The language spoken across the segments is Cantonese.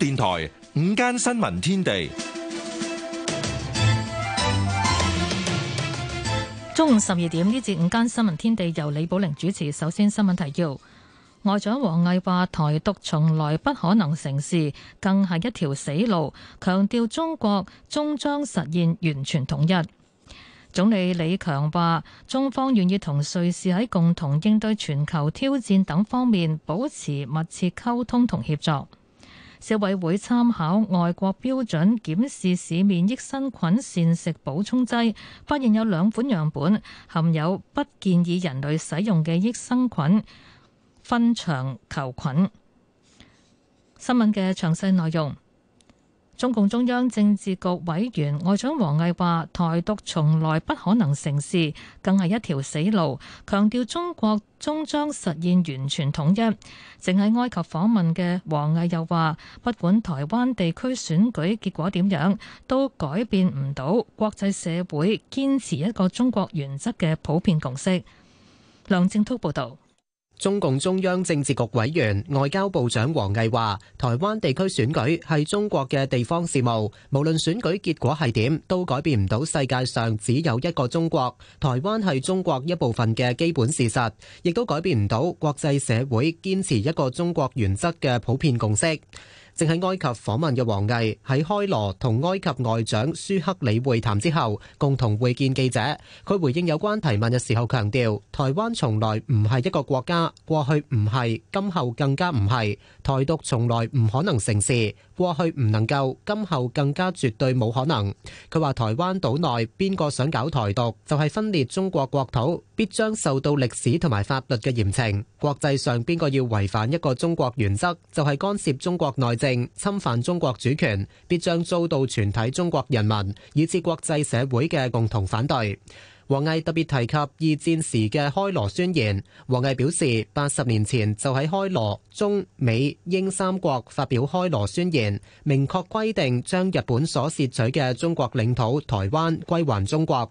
電台午間新聞天地，中午十二點。呢節午間新聞天地由李寶玲主持。首先新聞提要：外長王毅話，台獨從來不可能成事，更係一條死路，強調中國終將實現完全統一。總理李強話，中方願意同瑞士喺共同應對全球挑戰等方面保持密切溝通同協作。消委會參考外國標準檢視市面益生菌膳食補充劑，發現有兩款樣本含有不建議人類使用嘅益生菌，糞腸球菌。新聞嘅詳細內容。中共中央政治局委員外長王毅話，台獨從來不可能成事，更係一條死路，強調中國終將實現完全統一。正喺埃及訪問嘅王毅又話，不管台灣地區選舉結果點樣，都改變唔到國際社會堅持一個中國原則嘅普遍共識。梁正濤報道。中共中央政治局委員、外交部長王毅話，台灣地區選舉係中國嘅地方事務，無論選舉結果係點，都改變唔到世界上只有一個中國，台灣係中國一部分嘅基本事實，亦都改變唔到國際社會堅持一個中國原則嘅普遍共識。正喺埃及訪問嘅王毅喺開羅同埃及外長舒克里會談之後，共同會見記者。佢回應有關提問嘅時候強調，台灣從來唔係一個國家，過去唔係，今後更加唔係。台獨從來唔可能成事，過去唔能夠，今後更加絕對冇可能。佢話台灣島內邊個想搞台獨，就係分裂中國國土，必將受到歷史同埋法律嘅嚴懲。國際上邊個要違反一個中國原則，就係干涉中國內政、侵犯中國主權，必將遭到全體中國人民以至國際社會嘅共同反對。王毅特別提及二戰時嘅開羅宣言。王毅表示，八十年前就喺開羅，中美英三國發表開羅宣言，明確規定將日本所竊取嘅中國領土台灣歸還中國。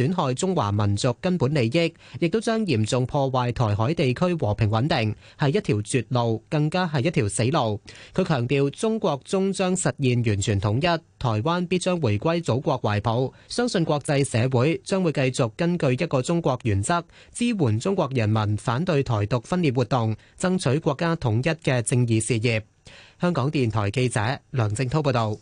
損害中華民族根本利益，亦都將嚴重破壞台海地區和平穩定，係一條絕路，更加係一條死路。佢強調，中國終將實現完全統一，台灣必將回歸祖國懷抱。相信國際社會將會繼續根據一個中國原則，支援中國人民反對台獨分裂活動，爭取國家統一嘅正義事業。香港電台記者梁靜滔報道。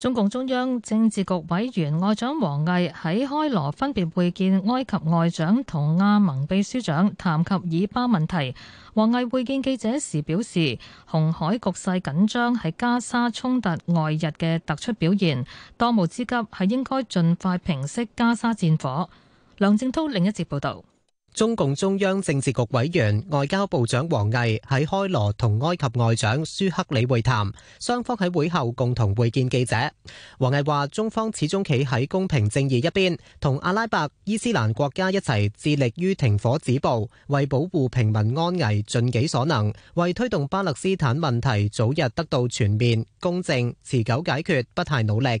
中共中央政治局委員外長王毅喺開羅分別會見埃及外長同亞盟秘書長，談及以巴問題。王毅會見記者時表示，紅海局勢緊張係加沙衝突外溢嘅突出表現，當務之急係應該盡快平息加沙戰火。梁正濤另一節報道。中共中央政治局委員、外交部長王毅喺開羅同埃及外長舒克里會談，雙方喺會後共同會見記者。王毅話：中方始終企喺公平正義一邊，同阿拉伯伊斯蘭國家一齊致力於停火止暴，為保護平民安危盡己所能，為推動巴勒斯坦問題早日得到全面、公正、持久解決不懈努力。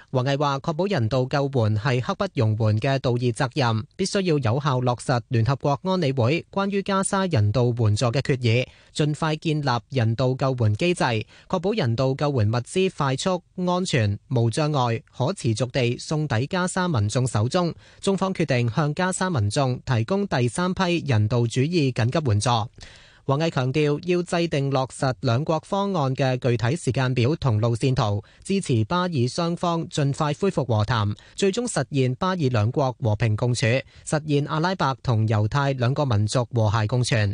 王毅話：確保人道救援係刻不容緩嘅道義責任，必須要有效落實聯合國安理會關於加沙人道援助嘅決議，盡快建立人道救援機制，確保人道救援物資快速、安全、無障礙、可持續地送抵加沙民眾手中。中方決定向加沙民眾提供第三批人道主義緊急援助。王毅強調，要制定落實兩國方案嘅具體時間表同路線圖，支持巴以雙方盡快恢復和談，最終實現巴以兩國和平共處，實現阿拉伯同猶太兩個民族和諧共存。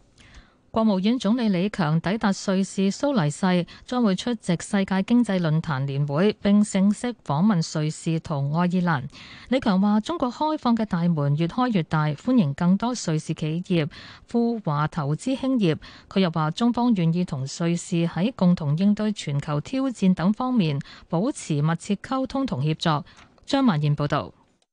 國務院總理李強抵達瑞士蘇黎世，將會出席世界經濟論壇年會，並正式訪問瑞士同愛爾蘭。李強話：中國開放嘅大門越開越大，歡迎更多瑞士企業赴華投資興業。佢又話，中方願意同瑞士喺共同應對全球挑戰等方面保持密切溝通同協作。張曼燕報道。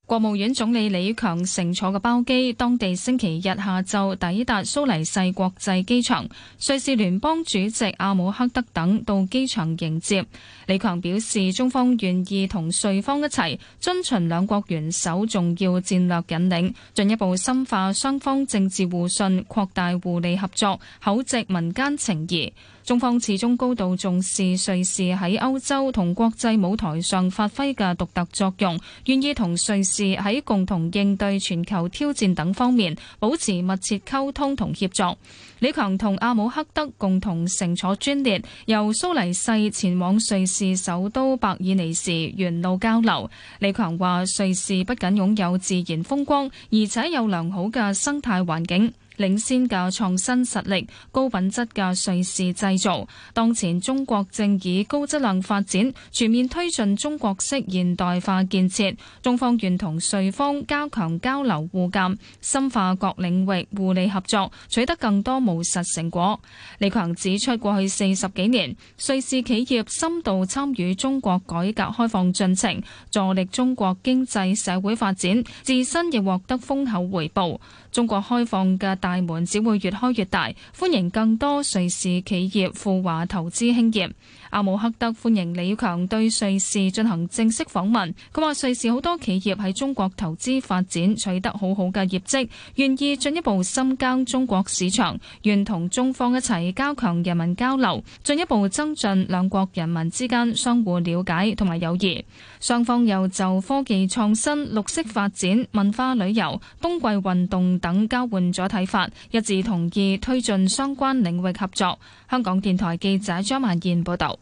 國務院總理李強乘坐嘅包機，當地星期日下晝抵達蘇黎世國際機場，瑞士聯邦主席阿姆赫德等到機場迎接。李強表示，中方願意同瑞方一齊遵循兩國元首重要戰略引領，進一步深化雙方政治互信，擴大互利合作，厚植民間情誼。中方始終高度重視瑞士喺歐洲同國際舞台上發揮嘅獨特作用，願意同瑞士喺共同應對全球挑戰等方面保持密切溝通同協作。李強同阿姆赫德共同乘坐專列，由蘇黎世前往瑞士首都伯爾尼時，沿路交流。李強話：瑞士不僅擁有自然風光，而且有良好嘅生態環境。領先嘅創新實力、高品質嘅瑞士製造。當前中國正以高質量發展全面推進中國式現代化建設。中方願同瑞方加強交流互鑒，深化各領域互利合作，取得更多務實成果。李強指出，過去四十幾年，瑞士企業深度參與中國改革開放進程，助力中國經濟社會發展，自身亦獲得豐厚回報。中國開放嘅大大門只會越開越大，歡迎更多瑞士企業赴華投資興業。阿姆克德歡迎李強對瑞士進行正式訪問。佢話瑞士好多企業喺中國投資發展取得好好嘅業績，願意進一步深耕中國市場，願同中方一齊加強人民交流，進一步增進兩國人民之間相互了解同埋友誼。雙方又就科技創新、綠色發展、文化旅遊、冬季運動等交換咗睇法，一致同意推進相關領域合作。香港電台記者張萬燕報道。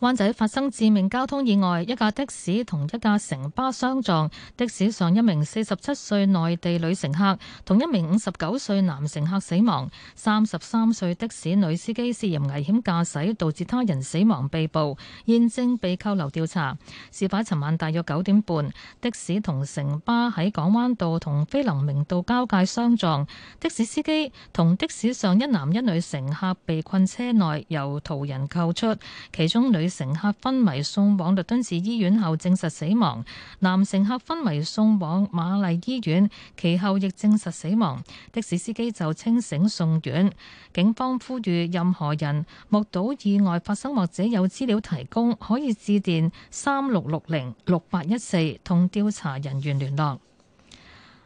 灣仔發生致命交通意外，一架的士同一架城巴相撞，的士上一名四十七歲內地女乘客同一名五十九歲男乘客死亡，三十三歲的士女司機涉嫌危險駕駛導致他人死亡被捕，現正被扣留調查。事發尋晚大約九點半，的士同城巴喺港灣道同菲林明道交界相撞，的士司機同的士上一男一女乘客被困車內，由途人救出，其中女。乘客昏迷送往律敦治醫院後證實死亡，男乘客昏迷送往瑪麗醫院，其後亦證實死亡。的士司機就清醒送院。警方呼籲任何人目睹意外發生或者有資料提供，可以致電三六六零六八一四同調查人員聯絡。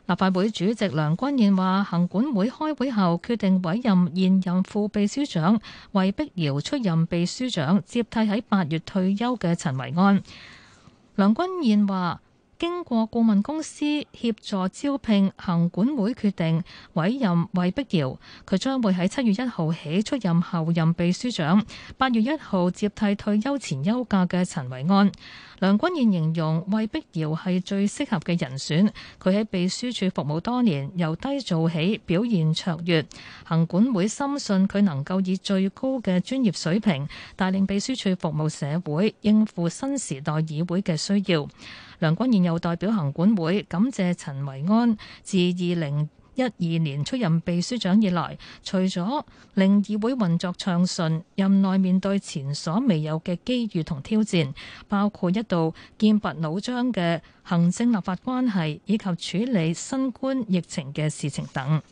立法會主席梁君彥話：行管會開會後決定委任現任副秘書長魏碧瑤出任秘書長，接替喺八月退休嘅陳維安。梁君彥話：經過顧問公司協助招聘，行管會決定委任魏碧瑤，佢將會喺七月一號起出任候任秘書長，八月一號接替退休前休假嘅陳維安。梁君彥形容魏碧瑤係最適合嘅人選，佢喺秘書處服務多年，由低做起，表現卓越。行管會深信佢能夠以最高嘅專業水平帶領秘書處服務社會應付新時代議會嘅需要。梁君彥又代表行管會感謝陳維安自二零。一二年出任秘書長以來，除咗令議會運作暢順，任內面對前所未有嘅機遇同挑戰，包括一度劍拔弩張嘅行政立法關係以及處理新冠疫情嘅事情等。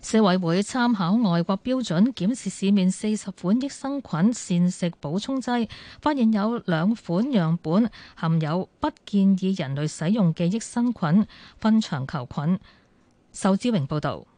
消委會參考外國標準檢視市面四十款益生菌膳食補充劑，發現有兩款樣本含有不建議人類使用嘅益生菌糞腸球菌。仇志榮報道。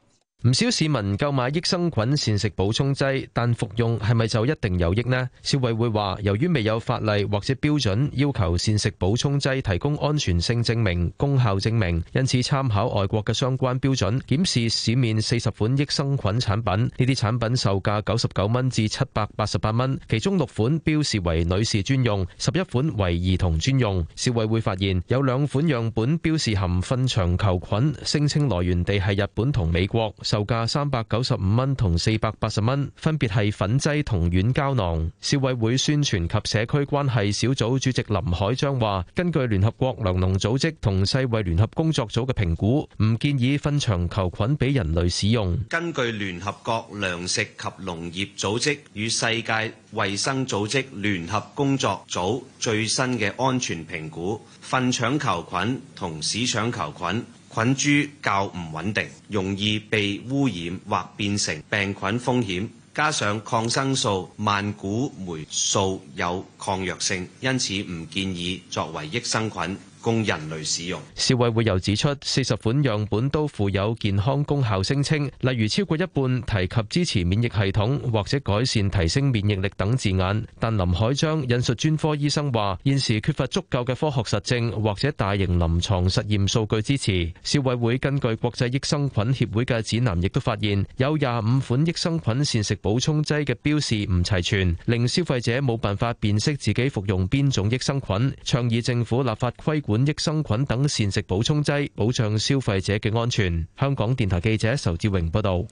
唔少市民購買益生菌膳食補充劑，但服用係咪就一定有益呢？消委會話，由於未有法例或者標準要求膳食補充劑提供安全性證明、功效證明，因此參考外國嘅相關標準，檢視市面四十款益生菌產品。呢啲產品售價九十九蚊至七百八十八蚊，其中六款標示為女士專用，十一款為兒童專用。消委會發現，有兩款樣本標示含糞腸球菌，聲稱來源地係日本同美國。售價三百九十五蚊同四百八十蚊，分別係粉劑同軟膠囊。消委會宣傳及社區關係小組主席林海章話：根據聯合國糧農組織同世衛聯合工作組嘅評估，唔建議糞腸球菌俾人類使用。根據聯合國糧食及農業組織與世界衛生組織聯合工作組最新嘅安全評估，糞腸球菌同屎腸球菌菌株較唔穩定，容易被污染或變成病菌風險。加上抗生素萬古黴素有抗藥性，因此唔建議作為益生菌。供人類使用。消委會又指出，四十款樣本都附有健康功效聲稱，例如超過一半提及支持免疫系統或者改善、提升免疫力等字眼。但林海章引述專科醫生話：現時缺乏足夠嘅科學實證或者大型臨床實驗數據支持。消委會根據國際益生菌協會嘅指南，亦都發現有廿五款益生菌膳食補充劑嘅標示唔齊全，令消費者冇辦法辨識自己服用邊種益生菌。倡議政府立法規管。本益生菌等膳食補充劑，保障消費者嘅安全。香港電台記者仇志榮報道。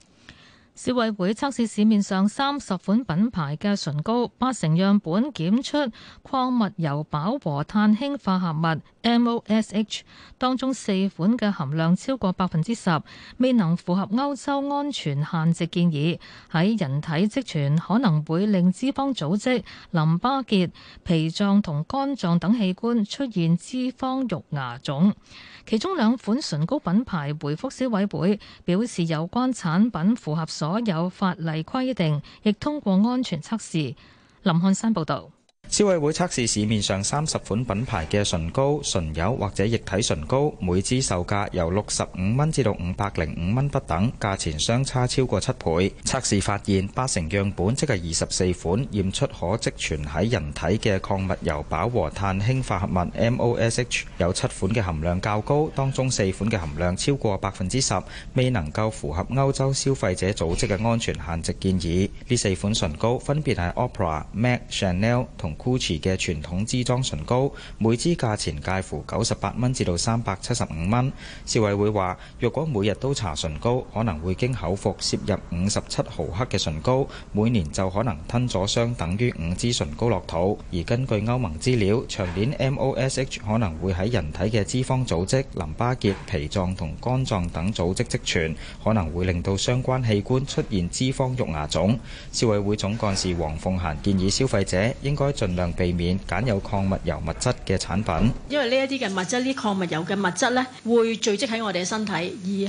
消委會測試市面上三十款品牌嘅唇膏，八成樣本檢出礦物油、飽和碳氫化合物。MOSH 當中四款嘅含量超過百分之十，未能符合歐洲安全限值建議，喺人體積存可能會令脂肪組織、淋巴結、脾臟同肝臟等器官出現脂肪肉芽腫。其中兩款唇膏品牌回復消委會表示有關產品符合所有法例規定，亦通過安全測試。林漢山報道。消委會測試市面上三十款品牌嘅唇膏、唇油或者液體唇膏，每支售價由六十五蚊至到五百零五蚊不等，價錢相差超過七倍。測試發現，八成樣本，即係二十四款，驗出可積存喺人體嘅礦物油飽和碳氫化合物 MOSH，有七款嘅含量較高，當中四款嘅含量超過百分之十，未能夠符合歐洲消費者組織嘅安全限值建議。呢四款唇膏分別係 Opera、Mac、Chanel 同。Gucci 嘅傳統支裝唇膏，每支價錢介乎九十八蚊至到三百七十五蚊。消委會話，若果每日都搽唇膏，可能會經口服攝入五十七毫克嘅唇膏，每年就可能吞咗相等於五支唇膏落肚。而根據歐盟資料，長年 M O S H 可能會喺人體嘅脂肪組織、淋巴結、脾臟同肝臟等組織積存，可能會令到相關器官出現脂肪肉芽腫。消委會總幹事黃鳳嫻建議消費者應該盡量避免揀有礦物油物質嘅產品，因為呢一啲嘅物質，呢啲礦物油嘅物質呢，會聚積喺我哋嘅身體，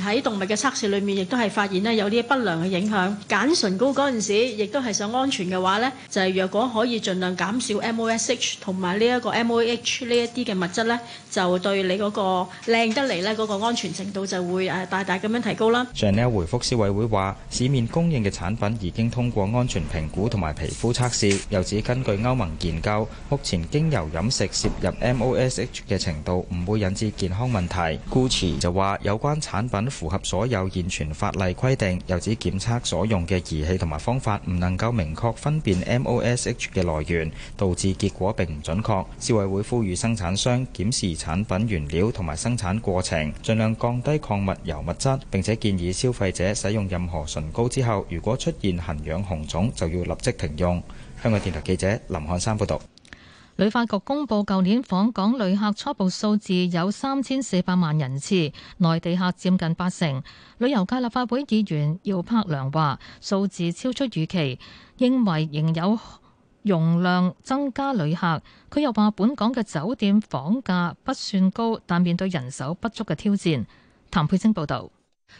而喺動物嘅測試裏面，亦都係發現呢有啲不良嘅影響。揀唇膏嗰陣時，亦都係想安全嘅話呢，就係若果可以盡量減少 MOSH 同埋呢一個 MOH 呢一啲嘅物質呢，就對你嗰個靚得嚟呢嗰個安全程度就會誒大大咁樣提高啦。上呢一回覆消委會話，市面供應嘅產品已經通過安全評估同埋皮膚測試，又指根據歐盟。研究目前經由飲食攝入 MOSH 嘅程度，唔會引致健康問題，Gucci 就話有關產品符合所有現存法例規定，又指檢測所用嘅儀器同埋方法唔能夠明確分辨 MOSH 嘅來源，導致結果並唔準確，消委會呼籲生產商檢視產品原料同埋生產過程，盡量降低礦物油物質，並且建議消費者使用任何唇膏之後，如果出現痕癢紅腫，就要立即停用。香港電台記者林漢山報道，旅發局公布舊年訪港旅客初步數字有三千四百萬人次，內地客占近八成。旅遊界立法會議員姚柏良話數字超出預期，認為仍有容量增加旅客。佢又話，本港嘅酒店房價不算高，但面對人手不足嘅挑戰。譚佩貞報道。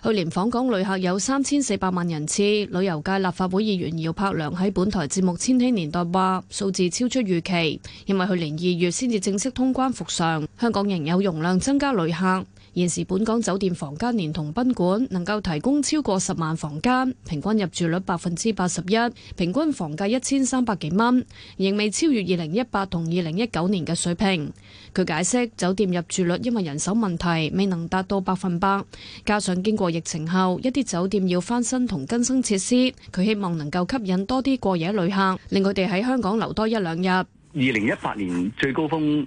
去年訪港旅客有三千四百萬人次，旅遊界立法會議員姚柏良喺本台節目《千禧年代》話數字超出預期，因為去年二月先至正式通關復常。香港仍有容量增加旅客。現時本港酒店房間連同賓館能夠提供超過十萬房間，平均入住率百分之八十一，平均房價一千三百幾蚊，仍未超越二零一八同二零一九年嘅水平。佢解釋酒店入住率因為人手問題未能達到百分百，加上經過疫情後一啲酒店要翻新同更新設施，佢希望能夠吸引多啲過夜旅客，令佢哋喺香港留多一兩日。二零一八年最高峰。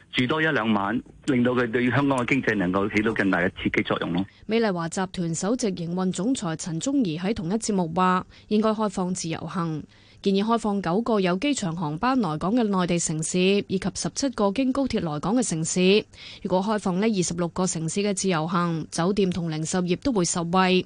住多一兩晚，令到佢對香港嘅經濟能夠起到更大嘅刺激作用咯。美麗華集團首席營運總裁陳忠儀喺同一節目話：應該開放自由行，建議開放九個有機場航班來港嘅內地城市，以及十七個經高鐵來港嘅城市。如果開放呢二十六個城市嘅自由行，酒店同零售業都會受惠。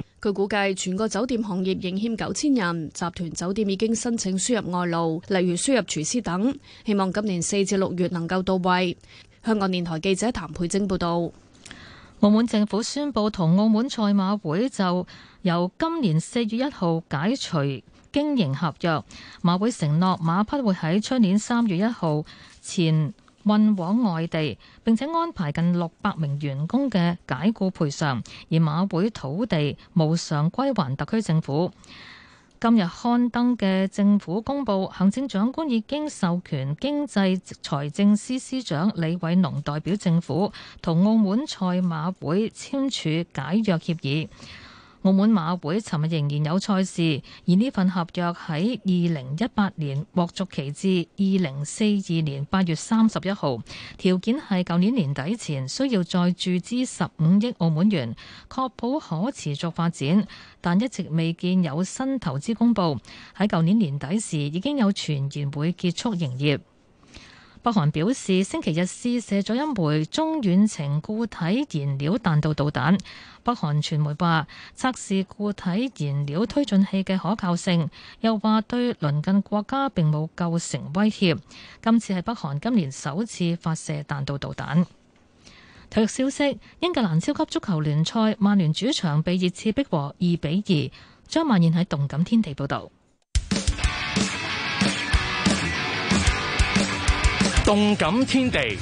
佢估計全個酒店行業應欠九千人，集團酒店已經申請輸入外勞，例如輸入廚師等，希望今年四至六月能夠到位。香港電台記者譚佩晶報導。澳門政府宣布同澳門賽馬會就由今年四月一號解除經營合約，馬會承諾馬匹會喺今年三月一號前，運往外地，並且安排近六百名員工嘅解雇賠償，而馬會土地無償歸還特區政府。今日刊登嘅政府公報，行政長官已經授權經濟財政司司長李偉農代表政府同澳門賽馬會簽署解約協議。澳門馬會尋日仍然有賽事，而呢份合約喺二零一八年獲續期至二零四二年八月三十一號，條件係舊年年底前需要再注資十五億澳門元，確保可持續發展，但一直未見有新投資公佈。喺舊年年底時已經有傳言會結束營業。北韓表示星期日試射咗一枚中遠程固體燃料彈道導彈。北韓傳媒話測試固體燃料推進器嘅可靠性，又話對鄰近國家並冇構成威脅。今次係北韓今年首次發射彈道導彈。體育消息：英格蘭超級足球聯賽，曼聯主場被熱刺逼和二比二。張萬燕喺動感天地報導。動感天地。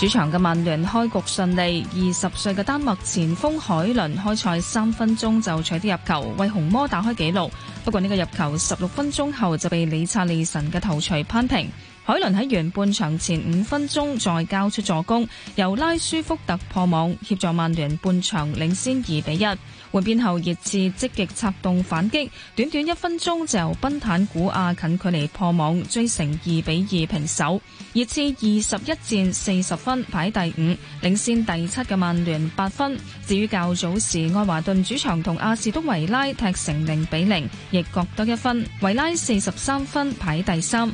主場嘅曼聯開局順利，二十歲嘅丹麥前鋒海倫開賽三分鐘就取得入球，為紅魔打開紀錄。不過呢個入球十六分鐘後就被理察利神嘅頭槌扳平。海倫喺完半場前五分鐘再交出助攻，由拉舒福特破網協助曼聯半場領先二比一。換邊後，熱刺積極策動反擊，短短一分鐘就由賓坦古亞近距離破網追成二比二平手。熱刺二十一戰四十分，排第五，領先第七嘅曼聯八分。至於較早時愛華頓主場同阿士都維拉踢成零比零，亦各得一分。維拉四十三分，排第三。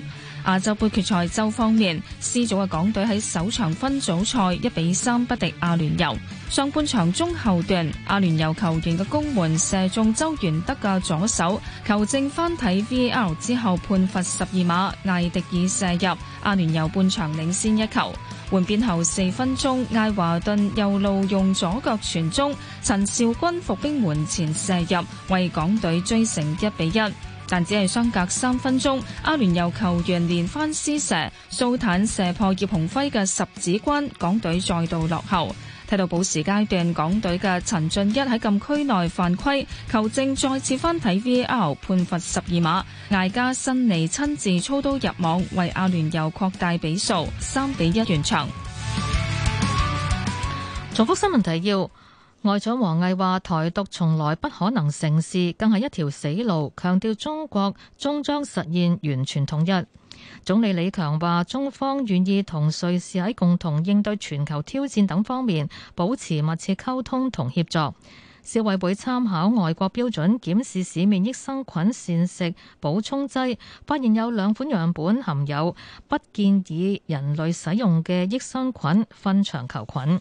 亞洲盃決賽周方面，C 組嘅港隊喺首場分組賽一比三不敵阿聯酋。上半場中後段，阿聯酋球員嘅攻門射中周元德嘅左手，球證翻睇 V L 之後判罰十二碼，艾迪爾射入，阿聯酋半場領先一球。換邊後四分鐘，艾華頓右路用左腳傳中，陳肇鈞伏兵門前射入，為港隊追成一比一。但只係相隔三分鐘，阿聯酋球員連番施射，蘇坦射破葉鴻輝嘅十指關，港隊再度落後。睇到補時階段，港隊嘅陳俊一喺禁區內犯規，球證再次翻睇 VAR 判罰十二碼，艾加辛尼親自操刀入網，為阿聯酋擴大比數，三比一完場。重複新聞提要。外長王毅話，台獨從來不可能成事，更係一條死路。強調中國終將實現完全統一。總理李強話，中方願意同瑞士喺共同應對全球挑戰等方面保持密切溝通同協作。消委會參考外國標準檢視市面益生菌膳食補充劑，發現有兩款樣本含有不建議人類使用嘅益生菌糞腸球菌。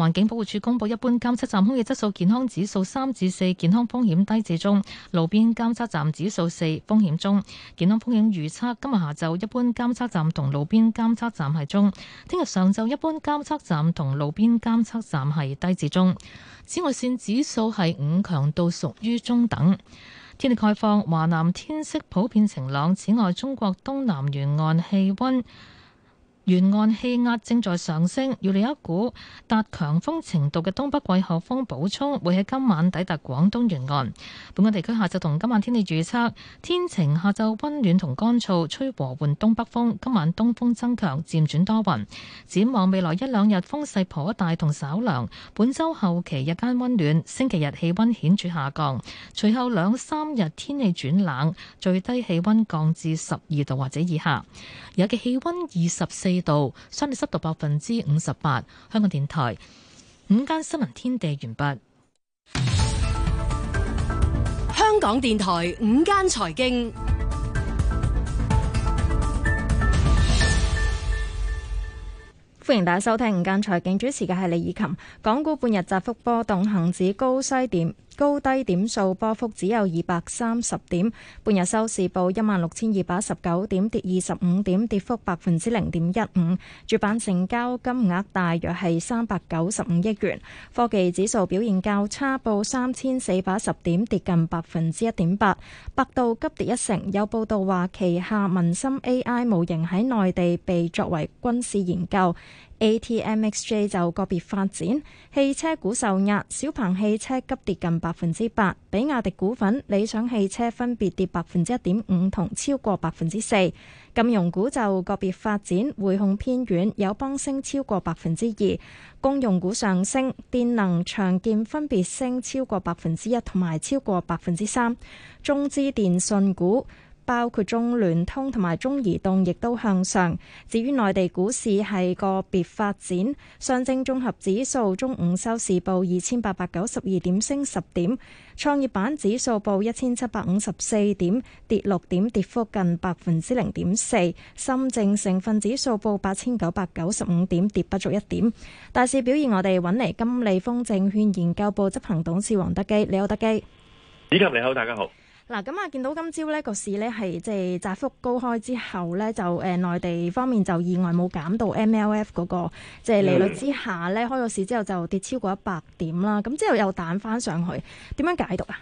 環境保護署公布，一般監測站空氣質素健康指數三至四，健康風險低至中；路邊監測站指數四，風險中。健康風險預測今日下晝一般監測站同路邊監測站係中，聽日上晝一般監測站同路邊監測站係低至中。紫外線指數係五，強度屬於中等。天氣概況：華南天色普遍晴朗，此外，中國東南沿岸氣溫。沿岸氣壓正在上升，預料一股達強風程度嘅東北季候風補充會喺今晚抵達廣東沿岸。本港地區下晝同今晚天氣預測天晴，下晝温暖同乾燥，吹和緩東北風。今晚東風增強，漸轉多雲。展望未來一兩日風勢頗大同稍涼。本周後期日間温暖，星期日氣温顯著下降，隨後兩三日天氣轉冷，最低氣温降至十二度或者以下。而家嘅氣温二十四度，相對濕度百分之五十八。香港電台午間新聞天地完畢。香港電台午間財經，歡迎大家收聽午間財經，主持嘅係李以琴。港股半日窄幅波動，恆指高西點。高低點數波幅只有二百三十點，半日收市報一萬六千二百十九點，跌二十五點，跌幅百分之零點一五。主板成交金額大約係三百九十五億元。科技指數表現較差，報三千四百十點，跌近百分之一點八。百度急跌一成。有報道話，旗下文心 AI 模型喺內地被作為軍事研究。ATMXJ 就個別發展，汽車股受壓，小鵬汽車急跌近百分之八，比亞迪股份、理想汽車分別跌百分之一點五同超過百分之四。金融股就個別發展，匯控偏軟，友邦升超過百分之二。公用股上升，電能、長建分別升超過百分之一同埋超過百分之三。中資電信股，包括中聯通同埋中移動亦都向上。至於內地股市係個別發展，上證綜合指數中午收市報二千八百九十二點，升十點；創業板指數報一千七百五十四點，跌六點，跌幅近百分之零點四。深證成分指數報八千九百九十五點，跌不足一點。大市表現，我哋揾嚟金利豐證券研究部執行董事黃德基，你好，德基。你好，大家好。嗱，咁啊，見到今朝咧個市咧係即係窄幅高開之後咧，就誒、呃、內地方面就意外冇減到 MLF 嗰、那個即係、就是、利率之下咧，嗯、開咗市之後就跌超過一百點啦。咁之後又彈翻上去，點樣解讀啊？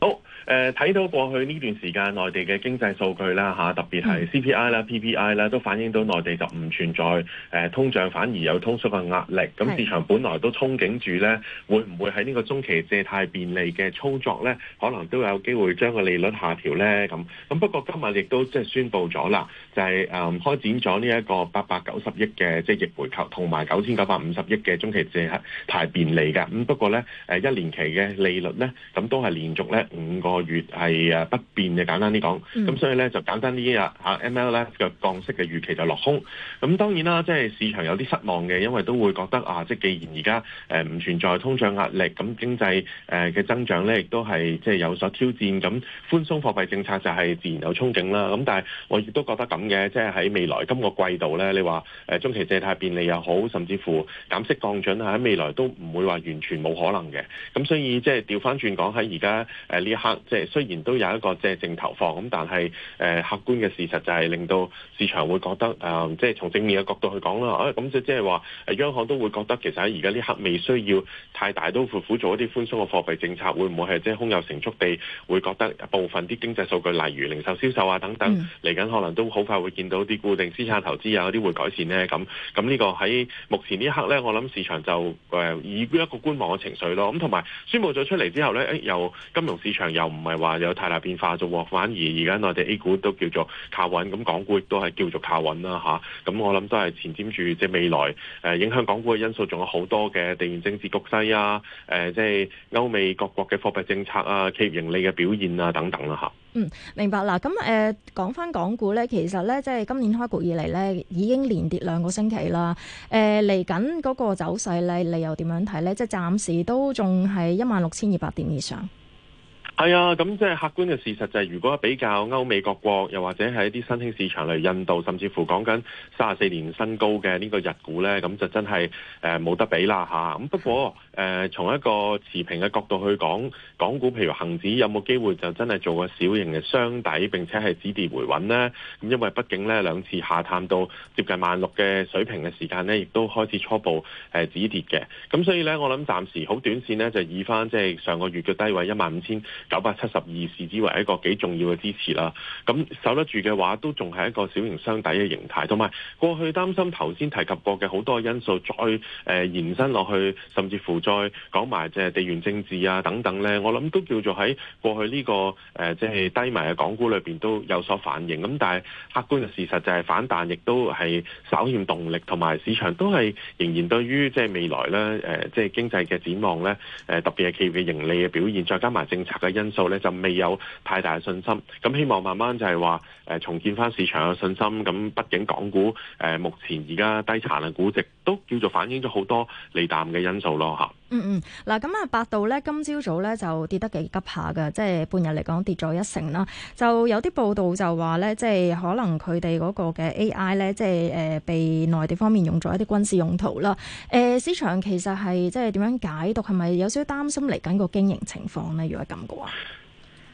好。Oh. 誒睇到過去呢段時間內地嘅經濟數據啦嚇，特別係 CPI 啦、PPI 啦，都反映到內地就唔存在誒通脹，反而有通縮嘅壓力。咁的市場本來都憧憬住咧，會唔會喺呢個中期借貸便利嘅操作咧，可能都有機會將個利率下調咧？咁咁不過今日亦都即係宣布咗啦，就係、是、誒、嗯、開展咗呢一個八百九十億嘅即係逆回購，同埋九千九百五十億嘅中期借貸便利㗎。咁不過咧誒一年期嘅利率咧，咁都係連續咧五個個月係誒不變嘅，簡單啲講，咁、嗯、所以咧就簡單啲啊，MLF 嘅降息嘅預期就落空。咁當然啦，即係市場有啲失望嘅，因為都會覺得啊，即係既然而家誒唔存在通脹壓力，咁經濟誒嘅增長咧亦都係即係有所挑戰。咁寬鬆貨幣政策就係自然有憧憬啦。咁但係我亦都覺得咁嘅，即係喺未來今個季度咧，你話誒中期借貸便利又好，甚至乎減息降準啊，喺未來都唔會話完全冇可能嘅。咁所以即係調返轉講喺而家誒呢一刻。即係雖然都有一個借正投放咁，但係誒、呃、客觀嘅事實就係令到市場會覺得誒、呃，即係從正面嘅角度去講啦。誒咁就即係話，央行都會覺得其實喺而家呢刻未需要太大都苦苦做一啲寬鬆嘅貨幣政策，會唔會係即係空有成竹地會覺得部分啲經濟數據，例如零售銷售啊等等，嚟緊可能都好快會見到啲固定資產投資啊嗰啲會改善呢？咁咁呢個喺目前呢一刻呢，我諗市場就誒、呃、以一個觀望嘅情緒咯。咁同埋宣布咗出嚟之後呢，誒、呃、又金融市場又唔係話有太大變化啫喎，反而而家內地 A 股都叫做靠穩，咁港股亦都係叫做靠穩啦嚇。咁、啊、我諗都係前瞻住即係未來誒影響港股嘅因素，仲有好多嘅地緣政治局勢啊，誒、啊、即係歐美各國嘅貨幣政策啊，企業盈利嘅表現啊等等啦、啊、嚇。嗯，明白啦。咁誒、呃、講翻港股咧，其實咧即係今年開局以嚟咧已經連跌兩個星期啦。誒嚟緊嗰個走勢咧，你又點樣睇咧？即係暫時都仲係一萬六千二百點以上。係啊，咁、嗯、即係客觀嘅事實就係、是，如果比較歐美各國，國，又或者係一啲新興市場，例如印度，甚至乎講緊三十四年新高嘅呢個日股呢，咁就真係誒冇得比啦吓。咁、啊、不過誒，從、呃、一個持平嘅角度去講，港股譬如恒指有冇機會就真係做個小型嘅箱底，並且係止跌回穩呢？咁因為畢竟呢兩次下探到接近萬六嘅水平嘅時間呢，亦都開始初步誒止跌嘅。咁所以呢，我諗暫時好短線呢，就以翻即係上個月嘅低位一萬五千。九百七十二，視之為一個幾重要嘅支持啦。咁守得住嘅話，都仲係一個小型雙底嘅形態。同埋過去擔心頭先提及過嘅好多因素，再誒延伸落去，甚至乎再講埋即係地緣政治啊等等呢，我諗都叫做喺過去呢個誒即係低迷嘅港股裏邊都有所反映。咁但係客觀嘅事實就係反彈，亦都係稍欠動力，同埋市場都係仍然對於即係未來呢，誒即係經濟嘅展望呢，誒特別係企業嘅盈利嘅表現，再加埋政策嘅。因素咧就未有太大嘅信心，咁希望慢慢就係話誒重建翻市場嘅信心。咁畢竟港股誒、呃、目前而家低殘嘅估值，都叫做反映咗好多利淡嘅因素咯，吓。嗯嗯，嗱咁啊，百度咧今朝早咧就跌得幾急下㗎，即係半日嚟講跌咗一成啦。就有啲報道就話咧，即係可能佢哋嗰個嘅 AI 咧，即係誒被內地方面用咗一啲軍事用途啦。誒、呃、市場其實係即係點樣解讀？係咪有少少擔心嚟緊個經營情況咧？如果咁嘅話？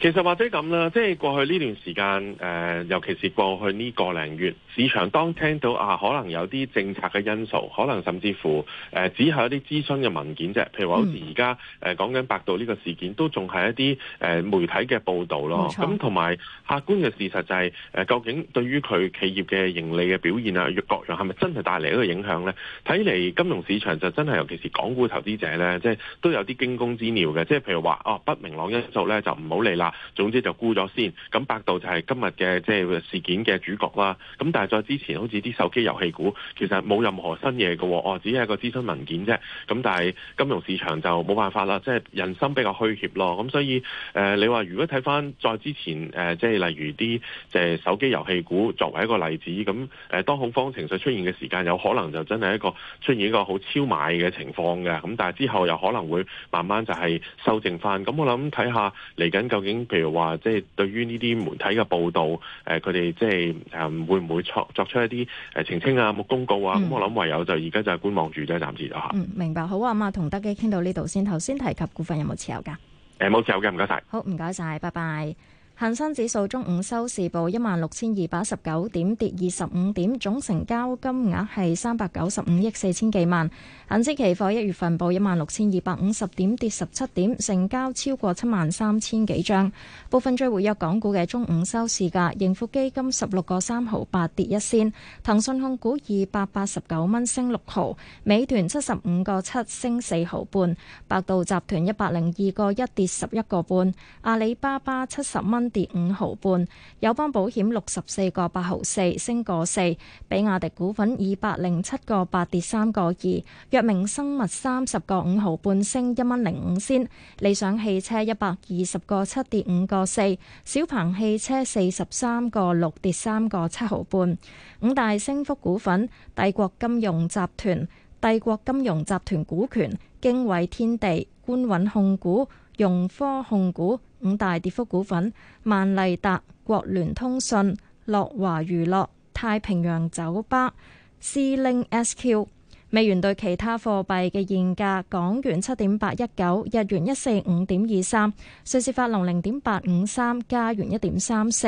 其實或者咁啦，即係過去呢段時間，誒尤其是過去呢個零月，市場當聽到啊，可能有啲政策嘅因素，可能甚至乎誒只係一啲諮詢嘅文件啫。譬如話，好似而家誒講緊百度呢個事件，都仲係一啲誒媒體嘅報導咯。咁同埋客觀嘅事實就係誒，究竟對於佢企業嘅盈利嘅表現啊，各樣係咪真係帶嚟一個影響咧？睇嚟金融市場就真係，尤其是港股投資者咧，即係都有啲驚弓之鳥嘅。即係譬如話，哦不明朗因素咧，就唔好理啦。總之就估咗先，咁百度就係今日嘅即係事件嘅主角啦。咁但係再之前好似啲手機遊戲股其實冇任何新嘢嘅，哦，哦，只係一個諮詢文件啫。咁但係金融市場就冇辦法啦，即係人心比較虛怯咯。咁所以誒、呃，你話如果睇翻再之前誒，即係例如啲即係手機遊戲股作為一個例子，咁誒，當恐慌情緒出現嘅時間，有可能就真係一個出現一個好超買嘅情況嘅。咁但係之後又可能會慢慢就係修正翻。咁我諗睇下嚟緊究竟。譬如話，即係對於呢啲媒體嘅報道，誒，佢哋即係誒，會唔會作作出一啲誒澄清啊、公告啊？咁我諗唯有就而家就係觀望住啫，暫時啦吓。嗯，明白，好啊，咁啊，同德基傾到呢度先。頭先提及股份有冇持有噶？誒，冇持有嘅，唔該晒。好，唔該晒，拜拜。恒生指數中午收市報一萬六千二百十九點，跌二十五點，總成交金額係三百九十五億四千幾萬。恒指期貨一月份報一萬六千二百五十點，跌十七點，成交超過七萬三千幾張。部分最活躍港股嘅中午收市價，盈富基金十六個三毫八跌一仙，騰訊控股二百八十九蚊升六毫，美團七十五個七升四毫半，百度集團一百零二個一跌十一個半，阿里巴巴七十蚊。跌五毫半，友邦保險六十四個八毫四，升個四，比亞迪股份二百零七個八跌三個二，藥明生物三十個五毫半升一蚊零五仙，理想汽車一百二十個七跌五個四，小鵬汽車四十三個六跌三個七毫半。五大升幅股份：帝國金融集團、帝國金融集團股權、經緯天地、官允控股。融科控股五大跌幅股份：萬麗達、國聯通訊、樂華娛樂、太平洋酒吧、司令 SQ。美元兌其他貨幣嘅現價：港元七點八一九，日元一四五點二三，瑞士法郎零點八五三，加元一點三四，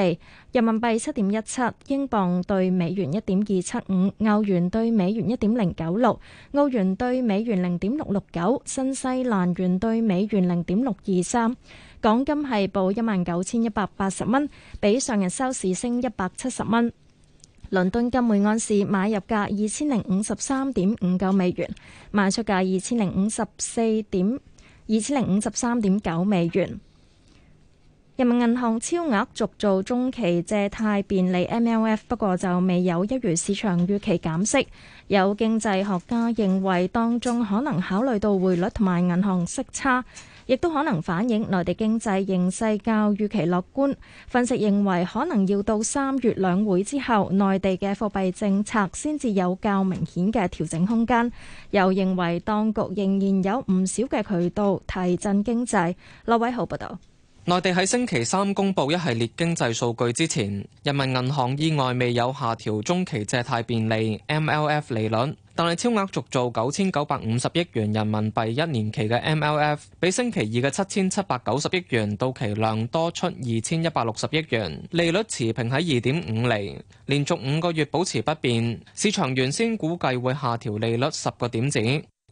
人民幣七點一七，英鎊對美元一點二七五，歐元對美元一點零九六，澳元對美元零點六六九，新西蘭元對美元零點六二三。港金係報一萬九千一百八十蚊，比上日收市升一百七十蚊。倫敦金每安士買入價二千零五十三點五九美元，賣出價二千零五十四點二千零五十三點九美元。人民銀行超額續做中期借貸便利 MLF，不過就未有一如市場預期減息。有經濟學家認為當中可能考慮到匯率同埋銀行息差。亦都可能反映內地經濟形勢較預期樂觀。分析認為，可能要到三月兩會之後，內地嘅貨幣政策先至有較明顯嘅調整空間。又認為當局仍然有唔少嘅渠道提振經濟。劉威浩報道，內地喺星期三公布一系列經濟數據之前，人民銀行意外未有下調中期借貸便利 （MLF） 利率。但係超額續做九千九百五十億元人民幣一年期嘅 MLF，比星期二嘅七千七百九十億元到期量多出二千一百六十億元，利率持平喺二點五厘，連續五個月保持不變。市場原先估計會下調利率十個點子。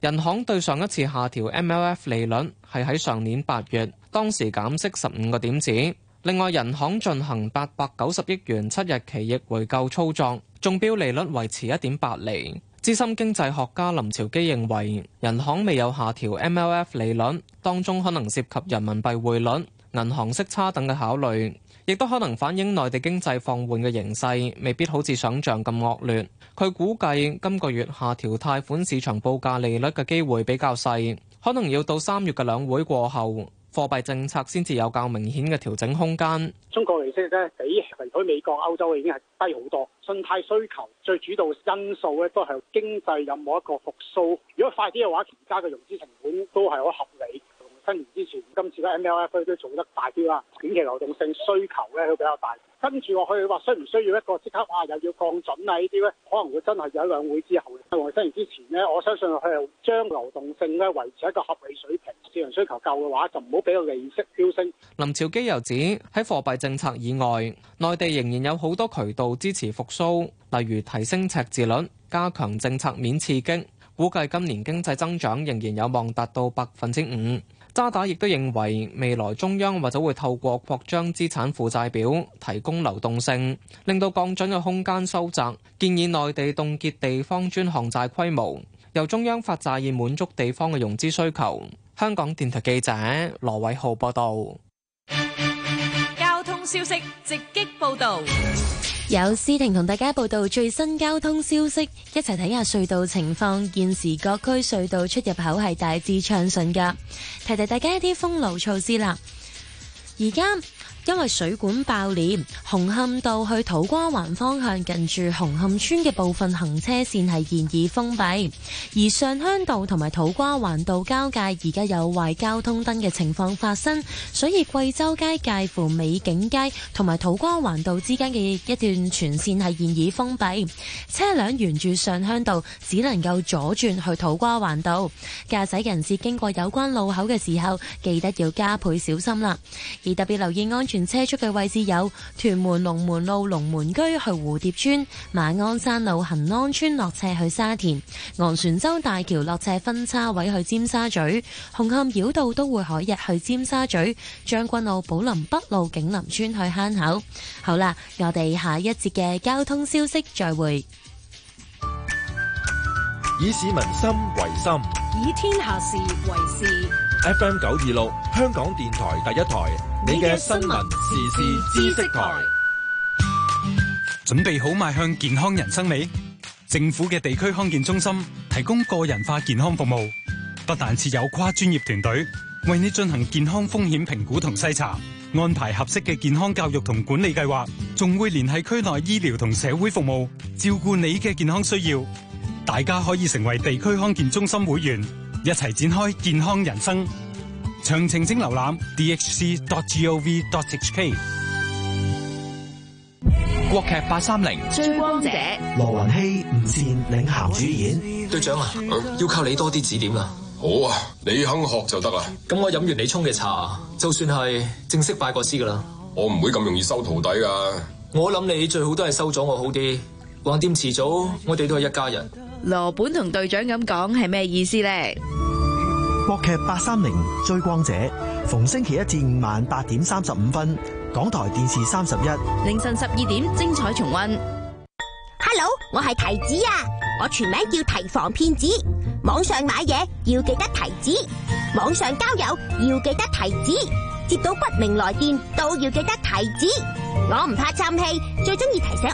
人行對上一次下調 MLF 利率係喺上年八月，當時減息十五個點子。另外，人行進行八百九十億元七日期逆回購操作，中標利率維持一點八厘。資深經濟學家林朝基認為，人行未有下調 MLF 利率，當中可能涉及人民幣匯率、銀行息差等嘅考慮，亦都可能反映內地經濟放緩嘅形勢，未必好似想象咁惡劣。佢估計今個月下調貸款市場報價利率嘅機會比較細，可能要到三月嘅兩會過後。貨幣政策先至有較明顯嘅調整空間。中國利息咧比嚟睇美國、歐洲已經係低好多。信貸需求最主導因素咧都係經濟有冇一個復甦。如果快啲嘅話，而家嘅融資成本都係好合理。新年之前，今次嘅 M L F 都做得大啲啦。短期流動性需求咧都比較大，跟住落去話需唔需要一個即刻話又要降準啊呢啲咧，可能會真係有一兩會之後。喺新年之前呢，我相信佢係將流動性咧維持一個合理水平。市場需求夠嘅話，就唔好俾個利息飆升。林朝基又指喺貨幣政策以外，內地仍然有好多渠道支持復甦，例如提升赤字率、加強政策面刺激。估計今年經濟增長仍然有望達到百分之五。渣打亦都認為，未來中央或者會透過擴張資產負債表提供流動性，令到降準嘅空間收窄。建議內地凍結地方專項債規模，由中央發債以滿足地方嘅融資需求。香港電台記者羅偉浩報道。交通消息直擊報道。有司婷同大家報道最新交通消息，一齊睇下隧道情況。現時各區隧道出入口係大致暢順噶提提大家一啲封路措施啦。而家，因為水管爆裂，紅磡道去土瓜灣方向近住紅磡村嘅部分行車線係現已封閉，而上鄉道同埋土瓜灣道交界而家有壞交通燈嘅情況發生，所以貴州街介乎美景街同埋土瓜灣道之間嘅一段全線係現已封閉，車輛沿住上鄉道只能夠左轉去土瓜灣道，駕駛人士經過有關路口嘅時候記得要加倍小心啦，而特別留意安全。全車出嘅位置有屯門龍門路龍門居去蝴蝶村、馬鞍山路恒安村落斜去沙田、昂船洲大橋落斜分叉位去尖沙咀、紅磡繞道都會海逸去尖沙咀、將軍澳寶林北路景林村去坑口。好啦，我哋下一節嘅交通消息再會。以市民心為心，以天下事為事。FM 九二六，香港電台第一台。你嘅新聞時事知識台，準備好邁向健康人生未？政府嘅地區康健中心提供個人化健康服務，不但設有跨專業團隊為你進行健康風險評估同篩查，安排合適嘅健康教育同管理計劃，仲會聯繫區內醫療同社會服務照顧你嘅健康需要。大家可以成為地區康健中心會員，一齊展開健康人生。詳情請瀏覽 dhc.gov.hk。國劇八三零追光者，羅雲熙、吳倩領銜主演。隊長啊，嗯、要靠你多啲指點啦。好啊，你肯學就得啦。咁我飲完你沖嘅茶，就算係正式拜個師噶啦。我唔會咁容易收徒弟噶。我諗你最好都係收咗我好啲，橫掂遲早我哋都係一家人。羅本同隊長咁講係咩意思咧國劇八三零追光者，逢星期一至五晚八點三十五分，港台電視三十一，凌晨十二點精彩重溫。Hello，我係提子啊，我全名叫提防騙子，網上買嘢要記得提子，網上交友要記得提子，接到不明來電都要記得提子，我唔怕嘥氣，最鍾意提醒。